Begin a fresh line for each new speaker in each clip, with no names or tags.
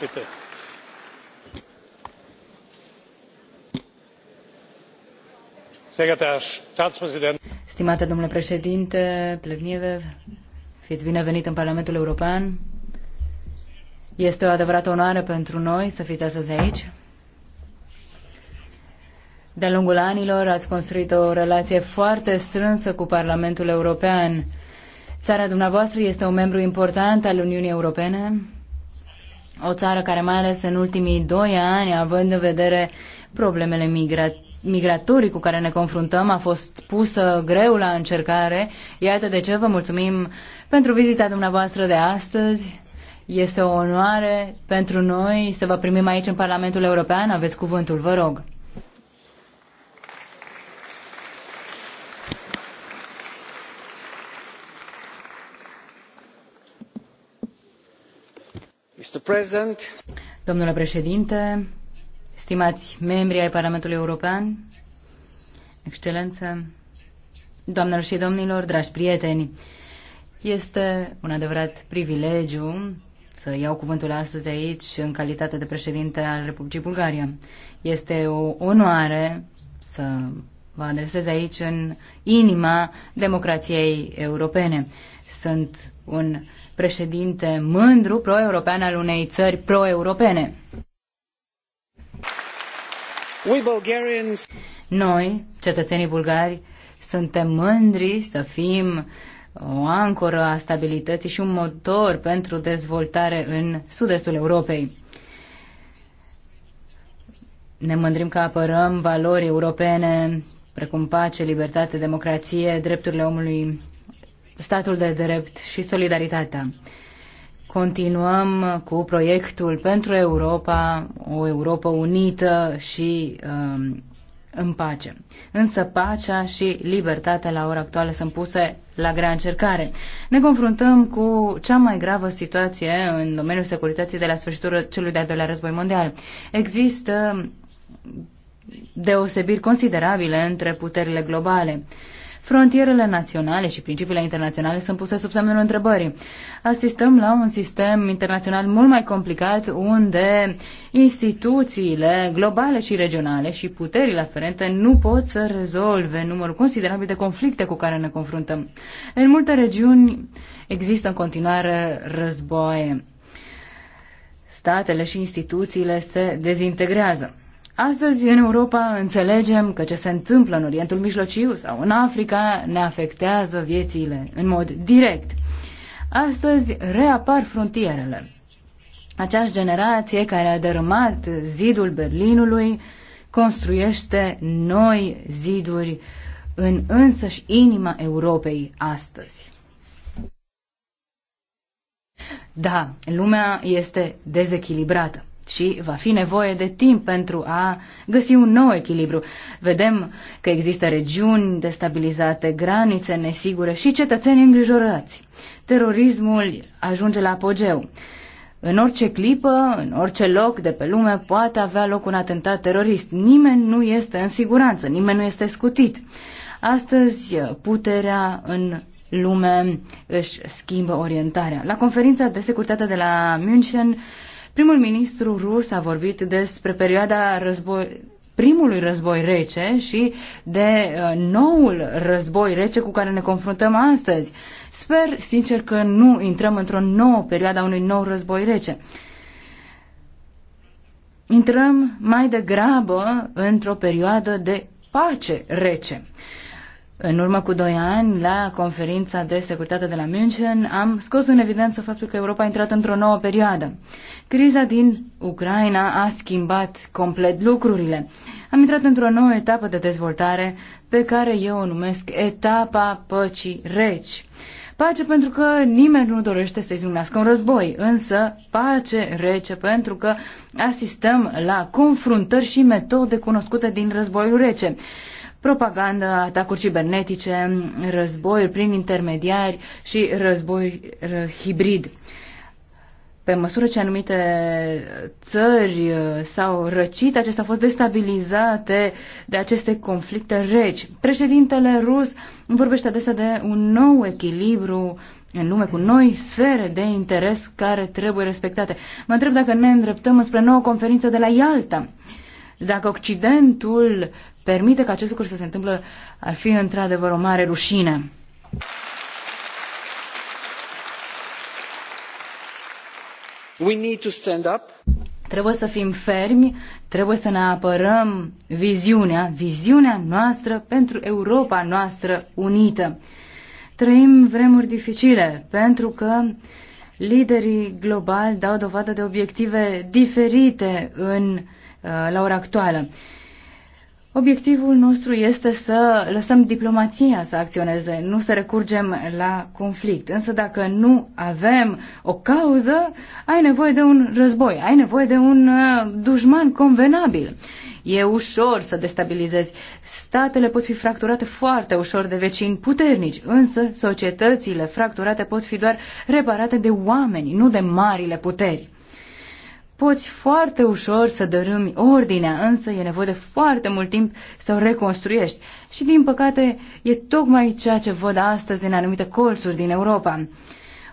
bitte.
Stimate domnule președinte Plevniev, fiți binevenit în Parlamentul European. Este o adevărată onoare pentru noi să fiți astăzi aici. De-a lungul anilor ați construit o relație foarte strânsă cu Parlamentul European. Țara dumneavoastră este un membru important al Uniunii Europene o țară care, mai ales în ultimii doi ani, având în vedere problemele migratorii, migratorii cu care ne confruntăm a fost pusă greu la încercare. Iată de ce vă mulțumim pentru vizita dumneavoastră de astăzi. Este o onoare pentru noi să vă primim aici în Parlamentul European. Aveți cuvântul, vă rog. Domnule președinte, stimați membri ai Parlamentului European, excelență, doamnelor și domnilor, dragi prieteni, este un adevărat privilegiu să iau cuvântul astăzi aici în calitate de președinte al Republicii Bulgaria. Este o onoare să vă adresez aici în inima democrației europene. Sunt un președinte mândru pro-european al unei țări pro-europene. Noi, cetățenii bulgari, suntem mândri să fim o ancoră a stabilității și un motor pentru dezvoltare în sud-estul Europei. Ne mândrim că apărăm valori europene precum pace, libertate, democrație, drepturile omului, statul de drept și solidaritatea. Continuăm cu proiectul pentru Europa, o Europa unită și um, în pace. Însă pacea și libertatea la ora actuală sunt puse la grea încercare. Ne confruntăm cu cea mai gravă situație în domeniul securității de la sfârșitul celui de-al doilea război mondial. Există deosebiri considerabile între puterile globale. Frontierele naționale și principiile internaționale sunt puse sub semnul întrebării. Asistăm la un sistem internațional mult mai complicat unde instituțiile globale și regionale și puterile aferente nu pot să rezolve numărul considerabil de conflicte cu care ne confruntăm. În multe regiuni există în continuare războaie. Statele și instituțiile se dezintegrează. Astăzi, în Europa, înțelegem că ce se întâmplă în Orientul Mijlociu sau în Africa ne afectează viețile în mod direct. Astăzi reapar frontierele. Aceeași generație care a dărâmat zidul Berlinului construiește noi ziduri în însăși inima Europei astăzi. Da, lumea este dezechilibrată și va fi nevoie de timp pentru a găsi un nou echilibru. Vedem că există regiuni destabilizate, granițe nesigure și cetățeni îngrijorați. Terorismul ajunge la apogeu. În orice clipă, în orice loc de pe lume poate avea loc un atentat terorist. Nimeni nu este în siguranță, nimeni nu este scutit. Astăzi, puterea în lume își schimbă orientarea. La conferința de securitate de la München, Primul ministru rus a vorbit despre perioada război, primului război rece și de uh, noul război rece cu care ne confruntăm astăzi. Sper sincer că nu intrăm într-o nouă perioadă a unui nou război rece. Intrăm mai degrabă într-o perioadă de pace rece. În urmă cu doi ani, la conferința de securitate de la München, am scos în evidență faptul că Europa a intrat într-o nouă perioadă. Criza din Ucraina a schimbat complet lucrurile. Am intrat într-o nouă etapă de dezvoltare pe care eu o numesc etapa păcii reci. Pace pentru că nimeni nu dorește să-i zângnească un război, însă pace rece pentru că asistăm la confruntări și metode cunoscute din războiul rece propaganda, atacuri cibernetice, război prin intermediari și război hibrid pe măsură ce anumite țări uh, s-au răcit, acestea au fost destabilizate de aceste conflicte reci. Președintele rus vorbește adesea de un nou echilibru în lume cu noi sfere de interes care trebuie respectate. Mă întreb dacă ne îndreptăm spre nouă conferință de la Ialta. Dacă Occidentul permite ca acest lucru să se întâmple, ar fi într-adevăr o mare rușine. Trebuie să fim fermi, trebuie să ne apărăm viziunea, viziunea noastră pentru Europa noastră unită. Trăim vremuri dificile pentru că liderii globali dau dovadă de obiective diferite în, uh, la ora actuală. Obiectivul nostru este să lăsăm diplomația să acționeze, nu să recurgem la conflict. Însă dacă nu avem o cauză, ai nevoie de un război, ai nevoie de un uh, dușman convenabil. E ușor să destabilizezi. Statele pot fi fracturate foarte ușor de vecini puternici, însă societățile fracturate pot fi doar reparate de oameni, nu de marile puteri poți foarte ușor să dărâmi ordinea, însă e nevoie de foarte mult timp să o reconstruiești. Și, din păcate, e tocmai ceea ce văd astăzi în anumite colțuri din Europa.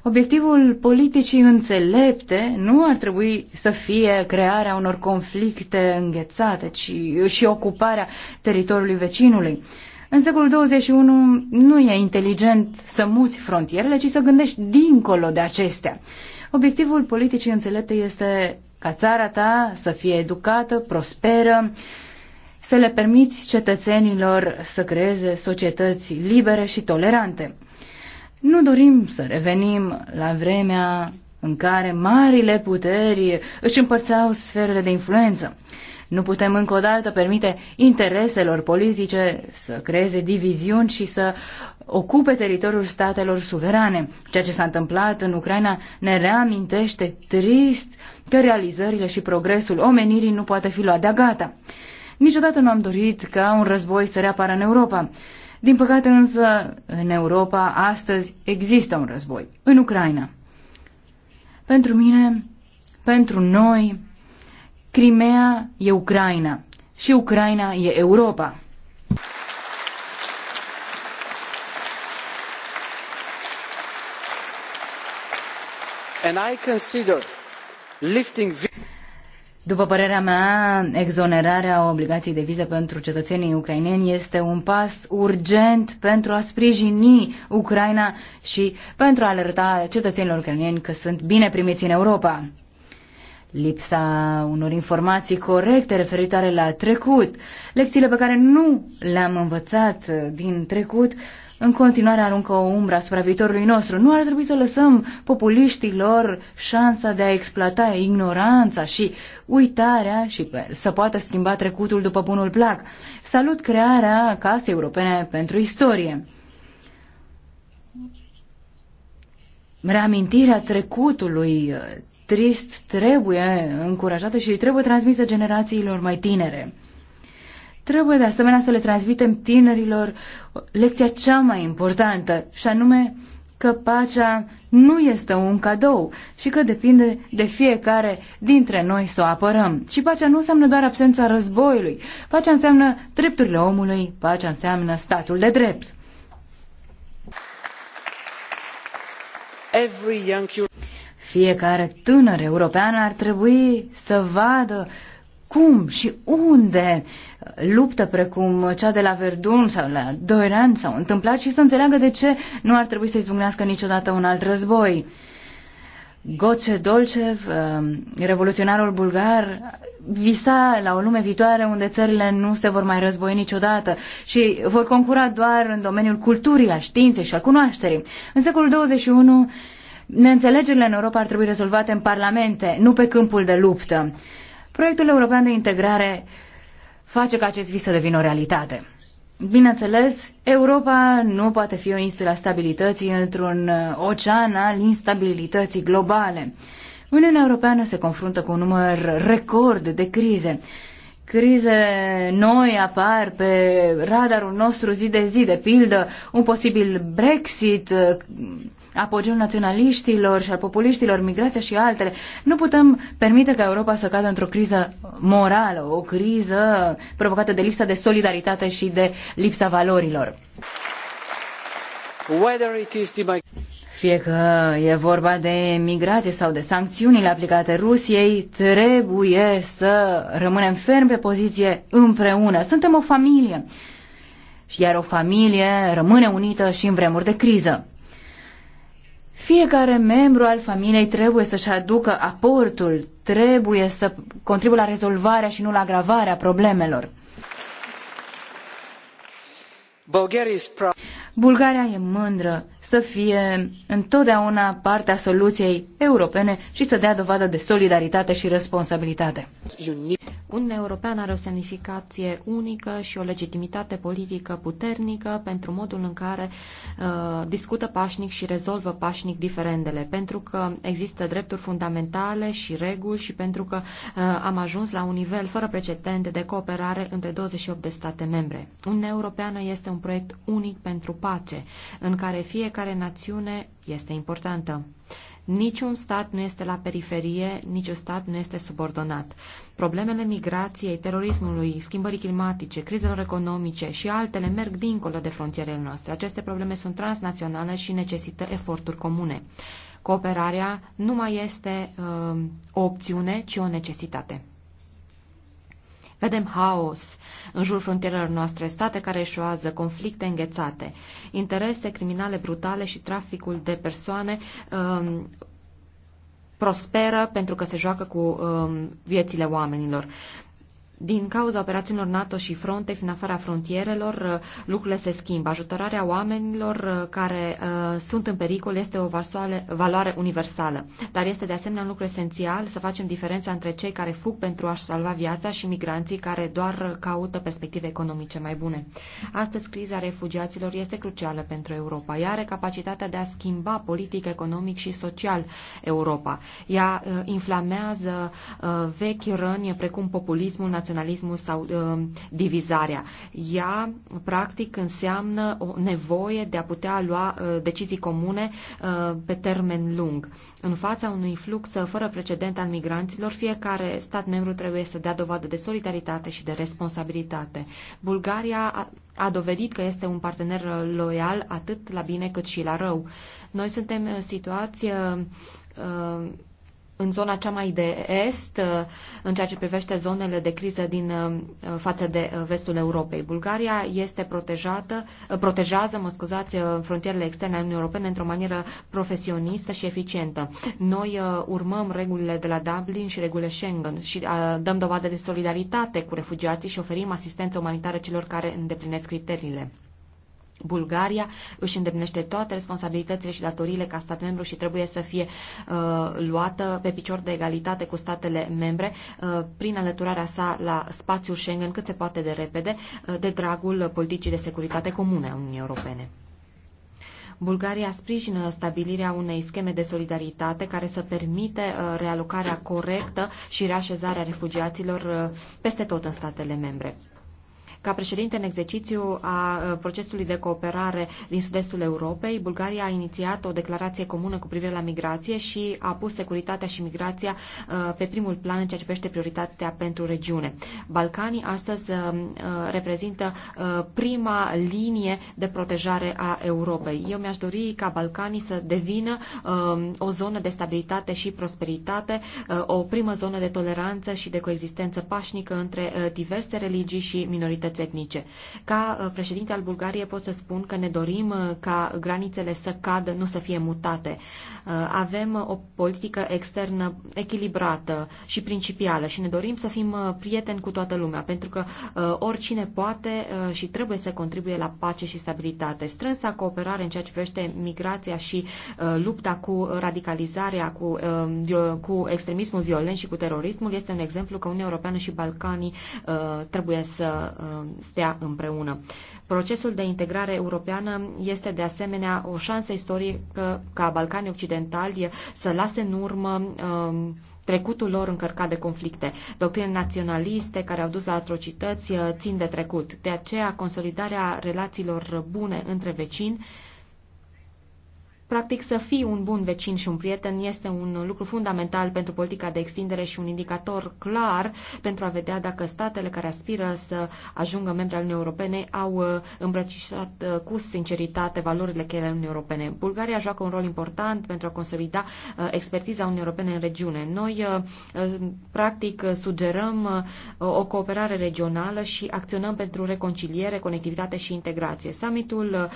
Obiectivul politicii înțelepte nu ar trebui să fie crearea unor conflicte înghețate, ci și ocuparea teritoriului vecinului. În secolul 21 nu e inteligent să muți frontierele, ci să gândești dincolo de acestea. Obiectivul politicii înțelepte este ca țara ta să fie educată, prosperă, să le permiți cetățenilor să creeze societăți libere și tolerante. Nu dorim să revenim la vremea în care marile puteri își împărțeau sferele de influență. Nu putem încă o dată permite intereselor politice să creeze diviziuni și să ocupe teritoriul statelor suverane. Ceea ce s-a întâmplat în Ucraina ne reamintește trist că realizările și progresul omenirii nu poate fi luat de gata. Niciodată nu am dorit ca un război să reapară în Europa. Din păcate însă, în Europa astăzi există un război, în Ucraina. Pentru mine, pentru noi, Crimea e Ucraina și Ucraina e Europa.
And I consider lifting
după părerea mea, exonerarea obligației de viză pentru cetățenii ucraineni este un pas urgent pentru a sprijini Ucraina și pentru a alerta cetățenilor ucraineni că sunt bine primiți în Europa lipsa unor informații corecte referitoare la trecut, lecțiile pe care nu le-am învățat uh, din trecut, în continuare aruncă o umbră asupra viitorului nostru. Nu ar trebui să lăsăm populiștilor șansa de a exploata ignoranța și uitarea și să poată schimba trecutul după bunul plac. Salut crearea Casei Europene pentru Istorie. Reamintirea trecutului uh, trist trebuie încurajată și trebuie transmisă generațiilor mai tinere. Trebuie de asemenea să le transmitem tinerilor lecția cea mai importantă, și anume că pacea nu este un cadou și că depinde de fiecare dintre noi să o apărăm. Și pacea nu înseamnă doar absența războiului. Pacea înseamnă drepturile omului, pacea înseamnă statul de drept.
Every young
fiecare tânăr european ar trebui să vadă cum și unde luptă precum cea de la Verdun sau la Doiran s-au întâmplat și să înțeleagă de ce nu ar trebui să izbucnească niciodată un alt război. Goce Dolcev, um, revoluționarul bulgar, visa la o lume viitoare unde țările nu se vor mai război niciodată și vor concura doar în domeniul culturii, a științei și a cunoașterii. În secolul 21 Neînțelegerile în Europa ar trebui rezolvate în parlamente, nu pe câmpul de luptă. Proiectul european de integrare face ca acest vis să devină o realitate. Bineînțeles, Europa nu poate fi o insulă a stabilității într-un ocean al instabilității globale. Uniunea Europeană se confruntă cu un număr record de crize. Crize noi apar pe radarul nostru zi de zi, de pildă un posibil Brexit, apogeul naționaliștilor și al populiștilor, migrația și altele. Nu putem permite ca Europa să cadă într-o criză morală, o criză provocată de lipsa de solidaritate și de lipsa valorilor. Fie că e vorba de migrație sau de sancțiunile aplicate Rusiei, trebuie să rămânem ferm pe poziție împreună. Suntem o familie. Iar o familie rămâne unită și în vremuri de criză. Fiecare membru al familiei trebuie să-și aducă aportul, trebuie să contribuie la rezolvarea și nu la agravarea problemelor. Bulgaria e mândră să fie întotdeauna partea soluției europene și să dea dovadă de solidaritate și responsabilitate.
Uniunea Europeană are o semnificație unică și o legitimitate politică puternică pentru modul în care uh, discută pașnic și rezolvă pașnic diferendele, pentru că există drepturi fundamentale și reguli și pentru că uh, am ajuns la un nivel fără precedent de cooperare între 28 de state membre. Uniunea Europeană este un proiect unic pentru pace, în care fie fiecare națiune este importantă. Niciun stat nu este la periferie, niciun stat nu este subordonat. Problemele migrației, terorismului, schimbării climatice, crizelor economice și altele merg dincolo de frontierele noastre. Aceste probleme sunt transnaționale și necesită eforturi comune. Cooperarea nu mai este uh, o opțiune, ci o necesitate. Vedem haos în jurul frontierelor noastre, state care eșuează, conflicte înghețate, interese criminale brutale și traficul de persoane um, prosperă pentru că se joacă cu um, viețile oamenilor din cauza operațiunilor NATO și Frontex în afara frontierelor, uh, lucrurile se schimbă. Ajutorarea oamenilor uh, care uh, sunt în pericol este o varsoale, valoare universală. Dar este de asemenea un lucru esențial să facem diferența între cei care fug pentru a-și salva viața și migranții care doar uh, caută perspective economice mai bune. Astăzi, criza refugiaților este crucială pentru Europa. Ea are capacitatea de a schimba politic, economic și social Europa. Ea uh, inflamează uh, vechi răni precum populismul național naționalismul sau uh, divizarea. Ea, practic, înseamnă o nevoie de a putea lua uh, decizii comune uh, pe termen lung. În fața unui flux uh, fără precedent al migranților, fiecare stat membru trebuie să dea dovadă de solidaritate și de responsabilitate. Bulgaria a, a dovedit că este un partener uh, loial atât la bine cât și la rău. Noi suntem uh, situație. uh, în zona cea mai de est, uh, în ceea ce privește zonele de criză din uh, față de uh, vestul Europei. Bulgaria este protejată, protejează, mă scuzați, frontierele externe ale Uniunii Europene într-o manieră profesionistă și eficientă. Noi urmăm regulile de la Dublin și regulile Schengen și dăm dovadă de solidaritate cu refugiații și oferim asistență umanitară celor care îndeplinesc criteriile. Bulgaria își îndeplinește toate responsabilitățile și datoriile ca stat membru și trebuie să fie uh, luată pe picior de egalitate cu statele membre uh, prin alăturarea sa la spațiul Schengen cât se poate de repede uh, de dragul politicii de securitate comune a Uniunii Europene. Bulgaria sprijină stabilirea unei scheme de solidaritate care să permite uh, realocarea corectă și reașezarea refugiaților uh, peste tot în statele membre. Ca președinte în exercițiu a uh, procesului de cooperare din sud-estul Europei, Bulgaria a inițiat o declarație comună cu privire la migrație și a pus securitatea și migrația uh, pe primul plan în ceea ce privește prioritatea pentru regiune. Balcanii astăzi uh, reprezintă prima linie de protejare a Europei. Eu mi-aș dori ca Balcanii să devină o zonă de stabilitate și prosperitate, o primă zonă de toleranță și de coexistență pașnică între diverse religii și minorități minorități etnice. Ca uh, președinte al Bulgariei pot să spun că ne dorim uh, ca granițele să cadă, nu să fie mutate. Uh, avem o politică externă echilibrată și principială și ne dorim să fim prieteni cu toată lumea, pentru că oricine poate și trebuie să contribuie la pace și stabilitate. Strânsa cooperare în ceea ce privește migrația și lupta cu radicalizarea, cu, um, cu extremismul violent și cu terorismul este un exemplu că Uniunea Europeană și Balcanii trebuie să stea împreună. Procesul de integrare europeană este de asemenea o șansă istorică ca Balcanii Occidentali să lase în urmă um, trecutul lor încărcat de conflicte. Doctrine naționaliste care au dus la atrocități uh, țin de trecut. De aceea, consolidarea relațiilor bune între vecini Practic, să fii un bun vecin și un prieten este un lucru fundamental pentru politica de extindere și un indicator clar pentru a vedea dacă statele care aspiră să ajungă membri al Uniunii Europene au uh, îmbrățișat uh, cu sinceritate valorile cheie ale Uniunii Europene. Bulgaria joacă un rol important pentru a consolida uh, expertiza Uniunii Europene în regiune. Noi, practic, sugerăm o cooperare regională și acționăm pentru reconciliere, conectivitate și integrație. Summitul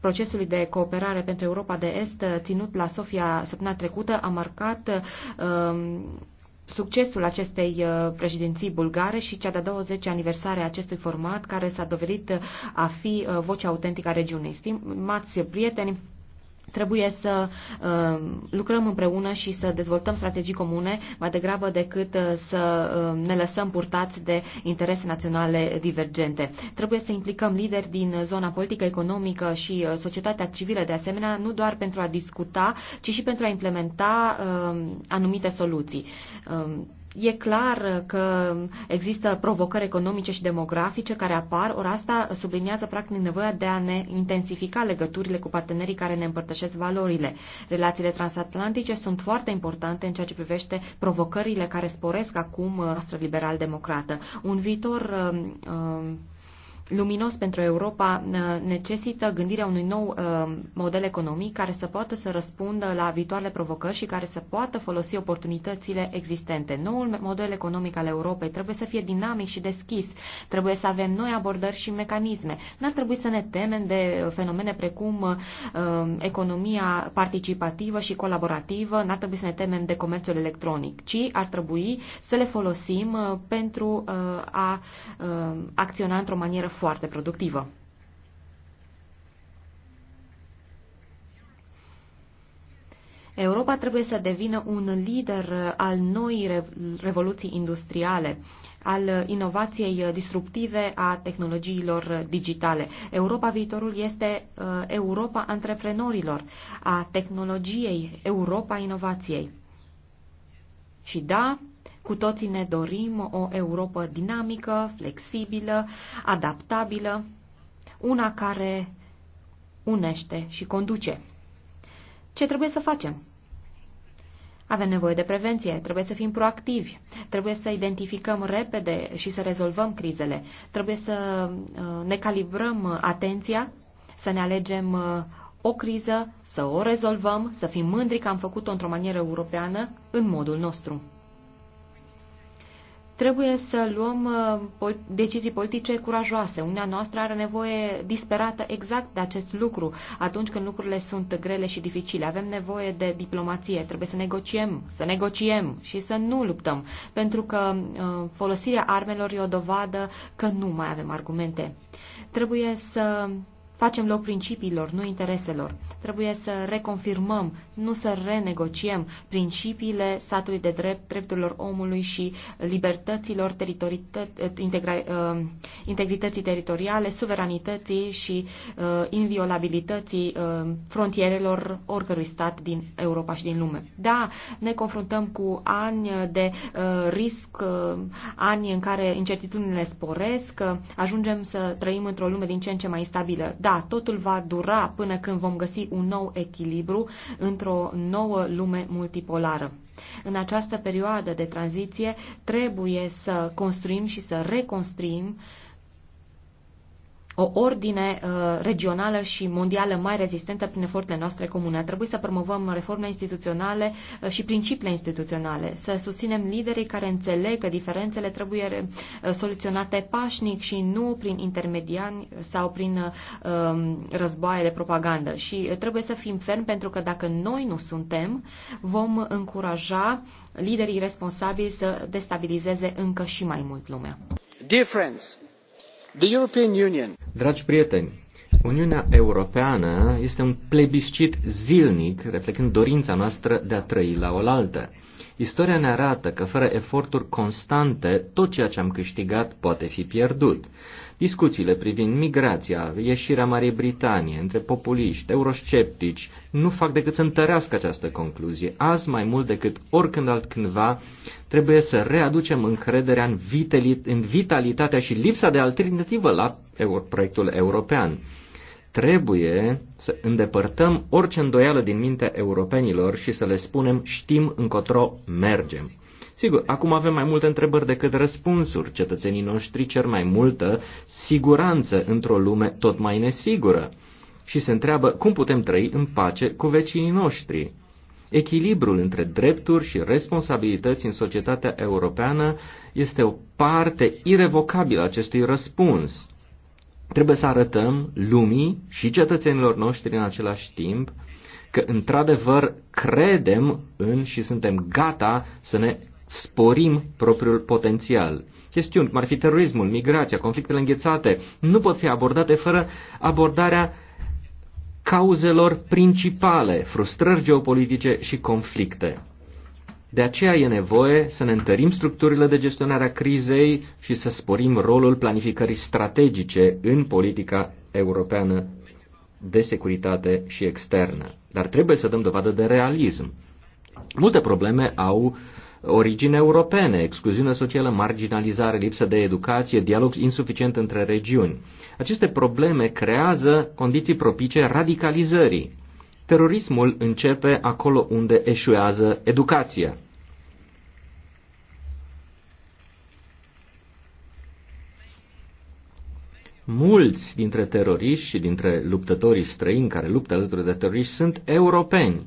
procesului de cooperare pentru pentru Europa de Est ținut la Sofia săptămâna trecută a marcat um, succesul acestei uh, președinții bulgare și cea de-a 20 aniversare a acestui format care s-a dovedit uh, a fi uh, vocea autentică a regiunii. Stimați prieteni, Trebuie să uh, lucrăm împreună și să dezvoltăm strategii comune mai degrabă decât uh, să uh, ne lăsăm purtați de interese naționale divergente. Trebuie să implicăm lideri din zona politică, economică și uh, societatea civilă de asemenea, nu doar pentru a discuta, ci și pentru a implementa uh, anumite soluții. Uh, E clar că există provocări economice și demografice care apar, ori asta subliniază practic nevoia de a ne intensifica legăturile cu partenerii care ne împărtășesc valorile. Relațiile transatlantice sunt foarte importante în ceea ce privește provocările care sporesc acum uh, noastră liberal-democrată. Un viitor uh, uh, luminos pentru Europa necesită gândirea unui nou uh, model economic care să poată să răspundă la viitoarele provocări și care să poată folosi oportunitățile existente. Noul model economic al Europei trebuie să fie dinamic și deschis, trebuie să avem noi abordări și mecanisme. N-ar trebui să ne temem de fenomene precum uh, economia participativă și colaborativă, n-ar trebui să ne temem de comerțul electronic, ci ar trebui să le folosim uh, pentru a acționa într-o manieră foarte productivă. Europa trebuie să devină un lider al noii revoluții industriale, al inovației disruptive a tehnologiilor digitale. Europa viitorul este uh, Europa antreprenorilor, a tehnologiei, Europa inovației. Și da, cu toții ne dorim o Europa dinamică, flexibilă, adaptabilă, una care unește și conduce. Ce trebuie să facem? Avem nevoie de prevenție, trebuie să fim proactivi, trebuie să identificăm repede și să rezolvăm crizele, trebuie să uh, ne calibrăm atenția, să ne alegem uh, o criză, să o rezolvăm, să fim mândri că am făcut-o într-o manieră europeană în modul nostru. Trebuie să luăm uh, decizii politice curajoase. Uniunea noastră are nevoie disperată exact de acest lucru atunci când lucrurile sunt grele și dificile. Avem nevoie de diplomație. Trebuie să negociem, să negociem și să nu luptăm. Pentru că uh, folosirea armelor e o dovadă că nu mai avem argumente. Trebuie să facem loc principiilor, nu intereselor. Trebuie să reconfirmăm, nu să renegociem principiile statului de drept, drepturilor omului și libertăților, ă, integrității teritoriale, suveranității și ă, inviolabilității ă, frontierelor oricărui stat din Europa și din lume. Da, ne confruntăm cu ani de risc, ani în care incertitudinile sporesc, ajungem să trăim într-o lume din ce în ce mai stabilă da, totul va dura până când vom găsi un nou echilibru într-o nouă lume multipolară. În această perioadă de tranziție trebuie să construim și să reconstruim uh, o ordine uh, regională și mondială mai rezistentă prin eforturile noastre comune. Ar trebui să promovăm reforme instituționale uh, și principiile instituționale, să susținem liderii care înțeleg că diferențele trebuie uh, soluționate pașnic și nu prin intermediani sau prin uh, războaie de propagandă. Și uh, trebuie să fim fermi pentru că dacă noi nu suntem, vom încuraja liderii responsabili să destabilizeze încă și mai mult lumea.
Difference. Dragi prieteni, Uniunea Europeană este un plebiscit zilnic, reflectând dorința noastră de a trăi la oaltă. Istoria ne arată că fără eforturi constante, tot ceea ce am câștigat poate fi pierdut. Discuțiile privind migrația, ieșirea Marii Britanie, între populiști, eurosceptici, nu fac decât să întărească această concluzie. Azi, mai mult decât oricând altcândva, trebuie să readucem încrederea în, vitalitatea și lipsa de alternativă la proiectul european. Trebuie să îndepărtăm orice îndoială din mintea europenilor și să le spunem știm încotro mergem. Sigur, acum avem mai multe întrebări decât răspunsuri. Cetățenii noștri cer mai multă siguranță într-o lume tot mai nesigură și se întreabă cum putem trăi în pace cu vecinii noștri. Echilibrul între drepturi și responsabilități în societatea europeană este o parte irrevocabilă a acestui răspuns. Trebuie să arătăm lumii și cetățenilor noștri în același timp că într-adevăr credem în și suntem gata să ne sporim propriul potențial. Chestiuni cum ar fi terorismul, migrația, conflictele înghețate, nu pot fi abordate fără abordarea cauzelor principale, frustrări geopolitice și conflicte. De aceea e nevoie să ne întărim structurile de gestionare a crizei și să sporim rolul planificării strategice în politica europeană de securitate și externă. Dar trebuie să dăm dovadă de realism. Multe probleme au origine europene, excluziune socială, marginalizare, lipsă de educație, dialog insuficient între regiuni. Aceste probleme creează condiții propice radicalizării. Terorismul începe acolo unde eșuează educația. Mulți dintre teroriști și dintre luptătorii străini care luptă alături de teroriști sunt europeni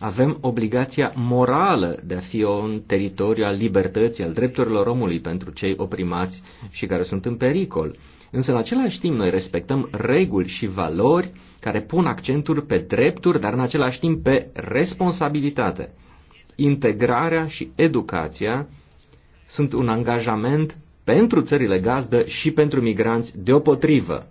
avem obligația morală de a fi un teritoriu al libertății, al drepturilor omului pentru cei oprimați și care sunt în pericol. Însă, în același timp, noi respectăm reguli și valori care pun accentul pe drepturi, dar în același timp pe responsabilitate. Integrarea și educația sunt un angajament pentru țările gazdă și pentru migranți deopotrivă.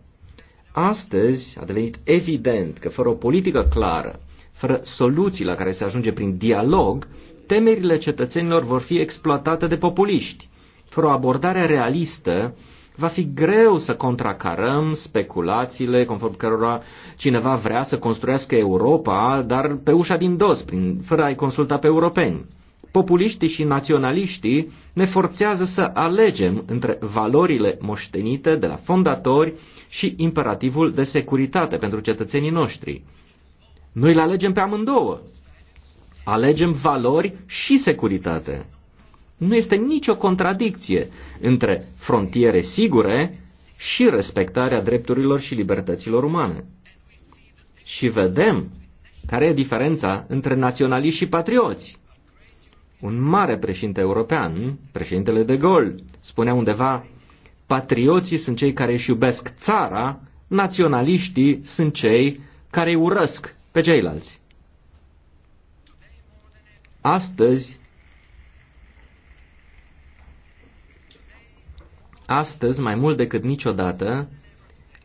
Astăzi a devenit evident că fără o politică clară fără soluții la care se ajunge prin dialog, temerile cetățenilor vor fi exploatate de populiști. Fără o abordare realistă, va fi greu să contracarăm speculațiile conform cărora cineva vrea să construiască Europa, dar pe ușa din dos, prin, fără a-i consulta pe europeni. Populiștii și naționaliștii ne forțează să alegem între valorile moștenite de la fondatori și imperativul de securitate pentru cetățenii noștri. Noi le alegem pe amândouă. Alegem valori și securitate. Nu este nicio contradicție între frontiere sigure și respectarea drepturilor și libertăților umane. Și vedem care e diferența între naționaliști și patrioți. Un mare președinte european, președintele de Gaulle, spunea undeva, patrioții sunt cei care își iubesc țara, naționaliștii sunt cei care îi urăsc pe ceilalți. Astăzi, astăzi, mai mult decât niciodată,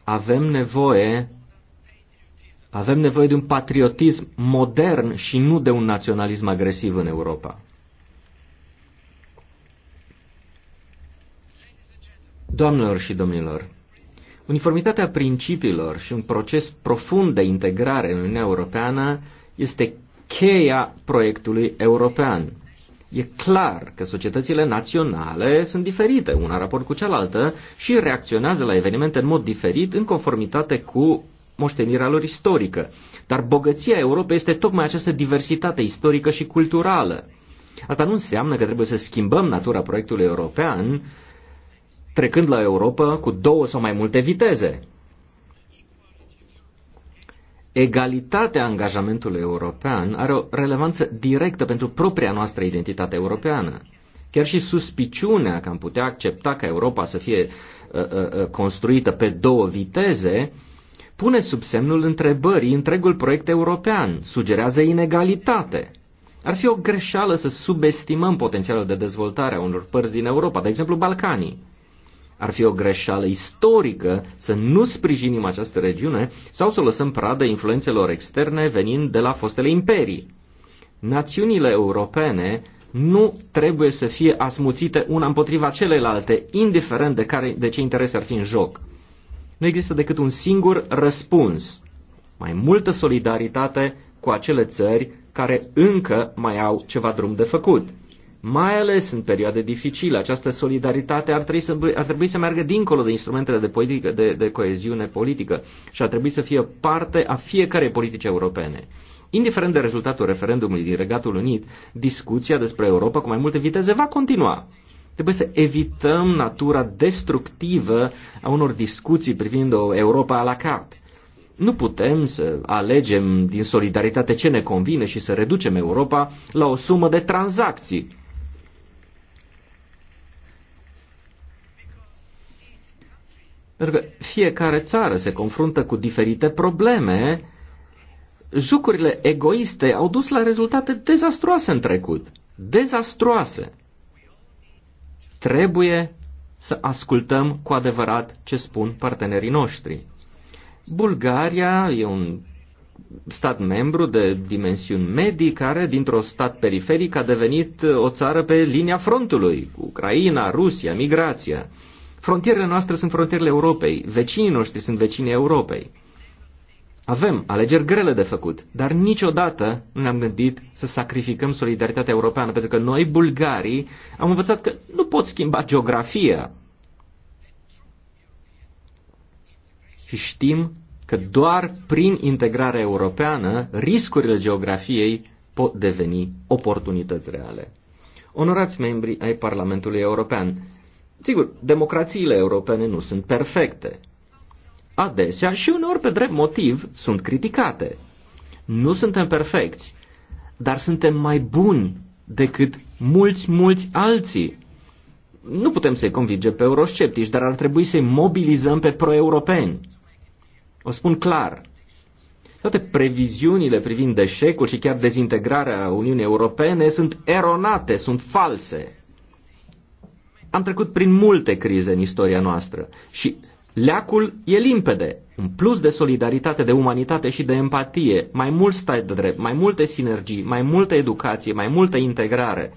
avem nevoie avem nevoie de un patriotism modern și nu de un naționalism agresiv în Europa. Doamnelor și domnilor, Uniformitatea principiilor și un proces profund de integrare în Uniunea Europeană este cheia proiectului european. E clar că societățile naționale sunt diferite una raport cu cealaltă și reacționează la evenimente în mod diferit în conformitate cu moștenirea lor istorică. Dar bogăția Europei este tocmai această diversitate istorică și culturală. Asta nu înseamnă că trebuie să schimbăm natura proiectului european, trecând la Europa cu două sau mai multe viteze. Egalitatea angajamentului european are o relevanță directă pentru propria noastră identitate europeană. Chiar și suspiciunea că am putea accepta ca Europa să fie uh, uh, uh construită pe două viteze pune sub semnul întrebării întregul proiect european, sugerează inegalitate. Ar fi o greșeală să subestimăm potențialul de dezvoltare a unor părți din Europa, de exemplu Balcanii ar fi o greșeală istorică să nu sprijinim această regiune sau să o lăsăm pradă influențelor externe venind de la fostele imperii. Națiunile europene nu trebuie să fie asmuțite una împotriva celelalte, indiferent de, care, de ce interese ar fi în joc. Nu există decât un singur răspuns. Mai multă solidaritate cu acele țări care încă mai au ceva drum de făcut mai ales în perioade dificile. Această solidaritate ar trebui să, ar trebui să meargă dincolo de instrumentele de, politică, de, de coeziune politică și ar trebui să fie parte a fiecarei politici europene. Indiferent de rezultatul referendumului din Regatul Unit, discuția despre Europa cu mai multe viteze va continua. Trebuie să evităm natura destructivă a unor discuții privind o Europa a la carte. Nu putem să alegem din solidaritate ce ne convine și să reducem Europa la o sumă de tranzacții Pentru că fiecare țară se confruntă cu diferite probleme. Jucurile egoiste au dus la rezultate dezastroase în trecut. Dezastroase. Trebuie să ascultăm cu adevărat ce spun partenerii noștri. Bulgaria e un stat membru de dimensiuni medii care, dintr-o stat periferic, a devenit o țară pe linia frontului, cu Ucraina, Rusia, migrația. Frontierele noastre sunt frontierele Europei, vecinii noștri sunt vecinii Europei. Avem alegeri grele de făcut, dar niciodată nu ne-am gândit să sacrificăm solidaritatea europeană, pentru că noi, bulgarii, am învățat că nu pot schimba geografia. Și știm că doar prin integrarea europeană riscurile geografiei pot deveni oportunități reale. Onorați membri ai Parlamentului European, Sigur, democrațiile europene nu sunt perfecte. Adesea și uneori pe drept motiv sunt criticate. Nu suntem perfecți, dar suntem mai buni decât mulți, mulți alții. Nu putem să-i convinge pe eurosceptici, dar ar trebui să-i mobilizăm pe pro-europeni. O spun clar. Toate previziunile privind deșecul și chiar dezintegrarea Uniunii Europene sunt eronate, sunt false am trecut prin multe crize în istoria noastră și leacul e limpede. Un plus de solidaritate, de umanitate și de empatie, mai mult stai de drept, mai multe sinergii, mai multă educație, mai multă integrare.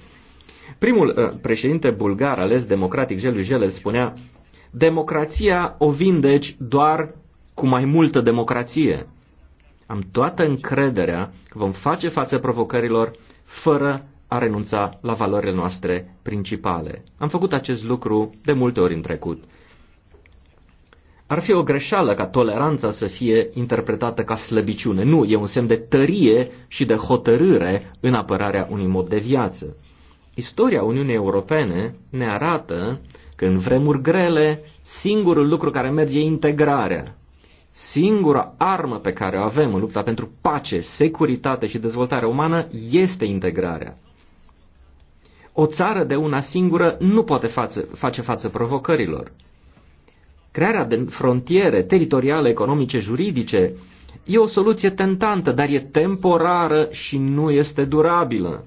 Primul uh, președinte bulgar ales democratic, Jeliu Jele, spunea Democrația o vindeci doar cu mai multă democrație. Am toată încrederea că vom face față provocărilor fără a renunța la valorile noastre principale. Am făcut acest lucru de multe ori în trecut. Ar fi o greșeală ca toleranța să fie interpretată ca slăbiciune. Nu, e un semn de tărie și de hotărâre în apărarea unui mod de viață. Istoria Uniunii Europene ne arată că în vremuri grele singurul lucru care merge e integrarea. Singura armă pe care o avem în lupta pentru pace, securitate și dezvoltare umană este integrarea. O țară de una singură nu poate față, face față provocărilor. Crearea de frontiere teritoriale, economice, juridice e o soluție tentantă, dar e temporară și nu este durabilă.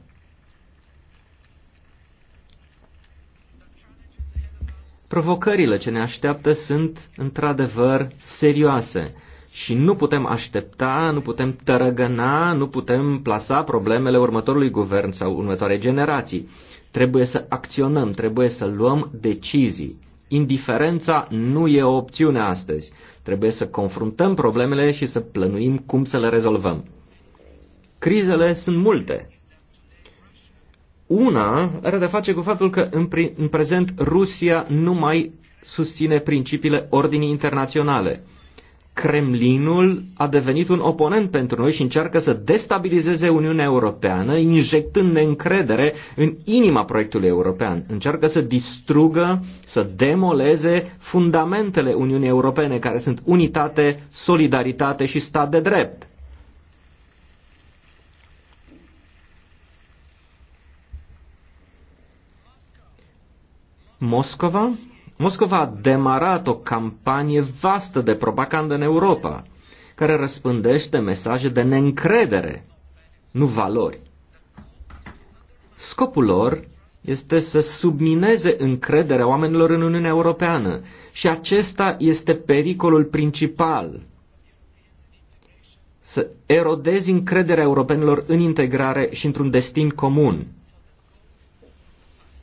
Provocările ce ne așteaptă sunt într-adevăr serioase și nu putem aștepta, nu putem tărăgăna, nu putem plasa problemele următorului guvern sau următoarei generații. Trebuie să acționăm, trebuie să luăm decizii. Indiferența nu e o opțiune astăzi. Trebuie să confruntăm problemele și să plănuim cum să le rezolvăm. Crizele sunt multe. Una are de face cu faptul că în, în prezent Rusia nu mai susține principiile ordinii internaționale. Kremlinul a devenit un oponent pentru noi și încearcă să destabilizeze Uniunea Europeană, injectând neîncredere în inima proiectului european. Încearcă să distrugă, să demoleze fundamentele Uniunii Europene, care sunt unitate, solidaritate și stat de drept. Moscova Moscova a demarat o campanie vastă de propagandă în Europa, care răspândește mesaje de neîncredere, nu valori. Scopul lor este să submineze încrederea oamenilor în Uniunea Europeană și acesta este pericolul principal. Să erodezi încrederea europenilor în integrare și într-un destin comun.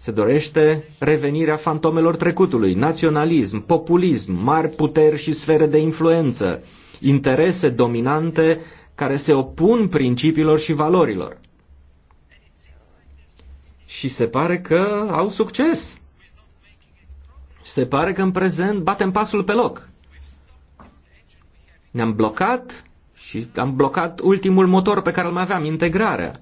Se dorește revenirea fantomelor trecutului, naționalism, populism, mari puteri și sfere de influență, interese dominante care se opun principiilor și valorilor. Și se pare că au succes. Se pare că în prezent batem pasul pe loc. Ne-am blocat și am blocat ultimul motor pe care îl mai aveam, integrarea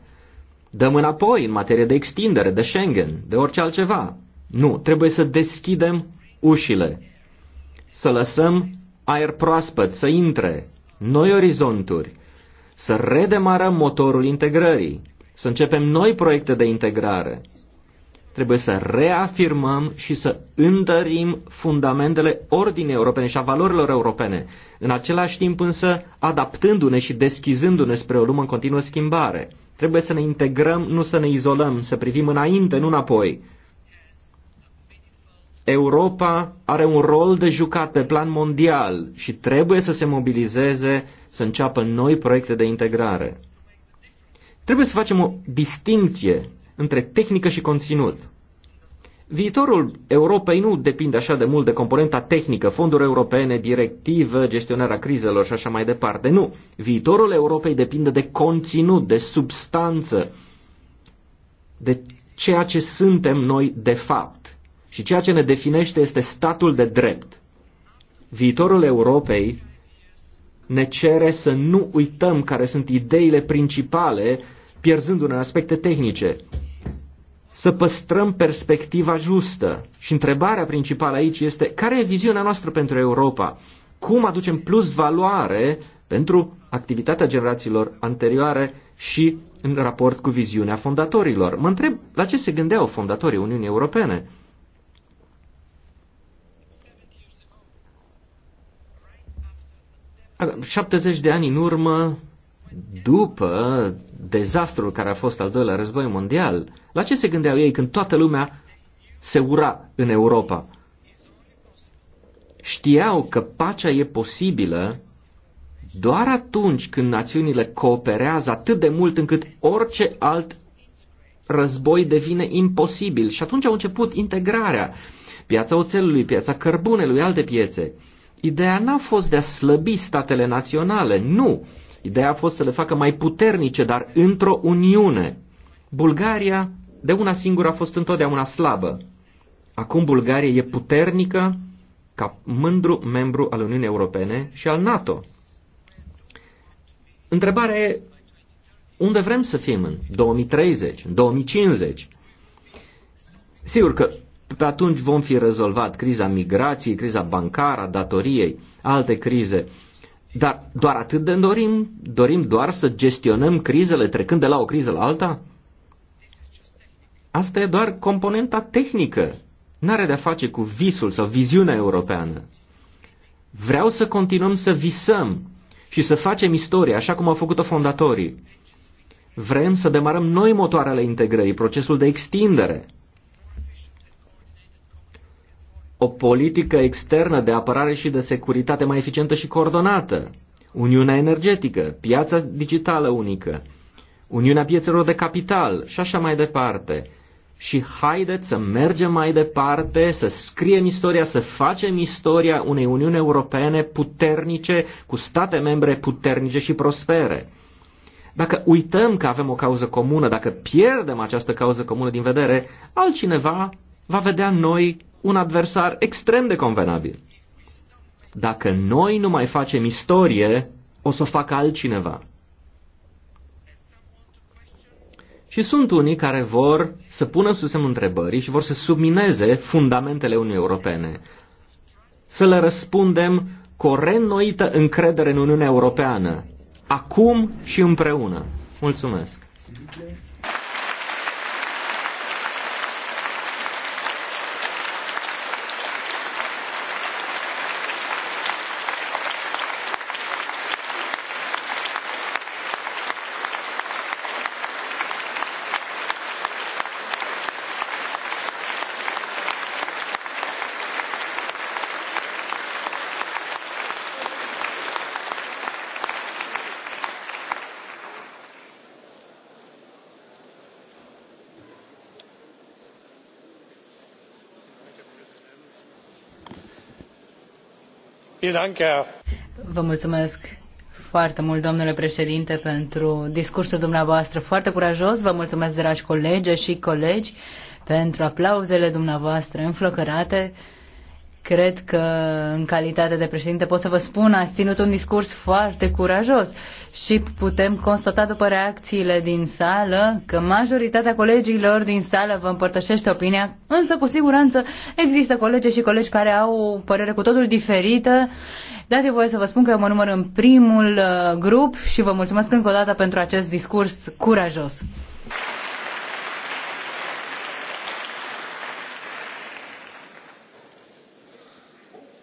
dăm înapoi în materie de extindere, de Schengen, de orice altceva. Nu, trebuie să deschidem ușile, să lăsăm aer proaspăt să intre, noi orizonturi, să redemarăm motorul integrării, să începem noi proiecte de integrare. Trebuie să reafirmăm și să întărim fundamentele ordinii europene și a valorilor europene, în același timp însă adaptându-ne și deschizându-ne spre o lume în continuă schimbare – Trebuie să ne integrăm, nu să ne izolăm, să privim înainte, nu înapoi. Europa are un rol de jucat pe plan mondial și trebuie să se mobilizeze să înceapă noi proiecte de integrare. Trebuie să facem o distinție între tehnică și conținut. Viitorul Europei nu depinde așa de mult de componenta tehnică, fonduri europene, directivă, gestionarea crizelor și așa mai departe. Nu. Viitorul Europei depinde de conținut, de substanță, de ceea ce suntem noi de fapt. Și ceea ce ne definește este statul de drept. Viitorul Europei ne cere să nu uităm care sunt ideile principale, pierzându-ne aspecte tehnice să păstrăm perspectiva justă. Și întrebarea principală aici este care e viziunea noastră pentru Europa? Cum aducem plus valoare pentru activitatea generațiilor anterioare și în raport cu viziunea fondatorilor? Mă întreb la ce se gândeau fondatorii Uniunii Europene? Acum, 70 de ani în urmă, după dezastrul care a fost al doilea război mondial, la ce se gândeau ei când toată lumea se ura în Europa? Știau că pacea e posibilă doar atunci când națiunile cooperează atât de mult încât orice alt război devine imposibil. Și atunci au început integrarea. Piața oțelului, piața cărbunelui, alte piețe. Ideea n-a fost de a slăbi statele naționale, nu Ideea a fost să le facă mai puternice, dar într-o uniune. Bulgaria de una singură a fost întotdeauna slabă. Acum Bulgaria e puternică ca mândru membru al Uniunii Europene și al NATO. Întrebarea e unde vrem să fim în 2030, în 2050? Sigur că pe atunci vom fi rezolvat criza migrației, criza bancară, datoriei, alte crize, dar doar atât de dorim? Dorim doar să gestionăm crizele trecând de la o criză la alta? Asta e doar componenta tehnică. N-are de-a face cu visul sau viziunea europeană. Vreau să continuăm să visăm și să facem istorie așa cum au făcut-o fondatorii. Vrem să demarăm noi motoarele integrării, procesul de extindere – o politică externă de apărare și de securitate mai eficientă și coordonată, Uniunea energetică, piața digitală unică, Uniunea piețelor de capital și așa mai departe. Și haideți să mergem mai departe, să scriem istoria, să facem istoria unei Uniuni Europene puternice, cu state membre puternice și prospere. Dacă uităm că avem o cauză comună, dacă pierdem această cauză comună din vedere, altcineva va vedea noi un adversar extrem de convenabil. Dacă noi nu mai facem istorie, o să o facă altcineva. Și sunt unii care vor să pună sub semnul întrebării și vor să submineze fundamentele Uniunii Europene. Să le răspundem cu o reînnoită încredere în Uniunea Europeană, acum și împreună. Mulțumesc!
Vă mulțumesc foarte mult, domnule președinte, pentru discursul dumneavoastră foarte curajos. Vă mulțumesc, dragi colegi și colegi, pentru aplauzele dumneavoastră înflăcărate. Cred că, în calitate de președinte, pot să vă spun, ați ținut un discurs foarte curajos și putem constata după reacțiile din sală că majoritatea colegilor din sală vă împărtășește opinia, însă, cu siguranță, există colegi și colegi care au o părere cu totul diferită. Dați-mi voie să vă spun că eu mă număr în primul uh, grup și vă mulțumesc încă o dată pentru acest discurs curajos.